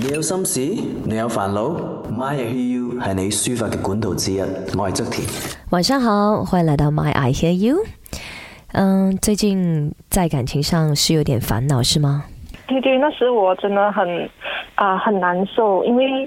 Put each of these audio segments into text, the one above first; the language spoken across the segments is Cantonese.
你有心事，你有煩惱，My I Hear You 係你抒發嘅管道之一。我係周田。晚上好，歡迎來到 My I Hear You。嗯、uh,，最近在感情上是有點煩惱，是嗎？對對，那時我真的很啊、呃、很難受，因為。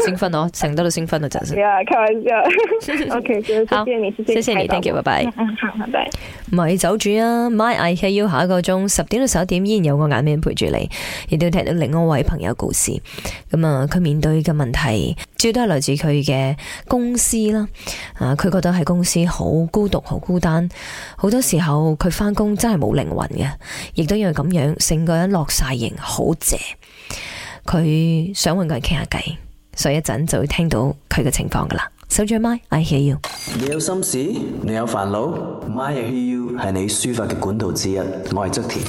先分咯，成得都先分啦，就先。係啊，開玩笑。O K，謝謝你，謝謝你，thank you，拜拜。嗯，拜拜。唔係走住啊，my e y U，下一個鐘十點到十一點，依然有個眼面陪住你，亦都要聽到另一位朋友故事。咁啊，佢面對嘅問題，主要都係來自佢嘅公司啦。啊，佢覺得喺公司好孤獨，好孤單，好多時候佢翻工真係冇靈魂嘅，亦都因為咁樣成個人落晒型，好謝。佢想搵個人傾下偈。所以一陣就會聽到佢嘅情況噶啦，守住麥，I hear you。你有心事，你有煩惱，MY，I hear you。係你抒發嘅管道之一，我係側田。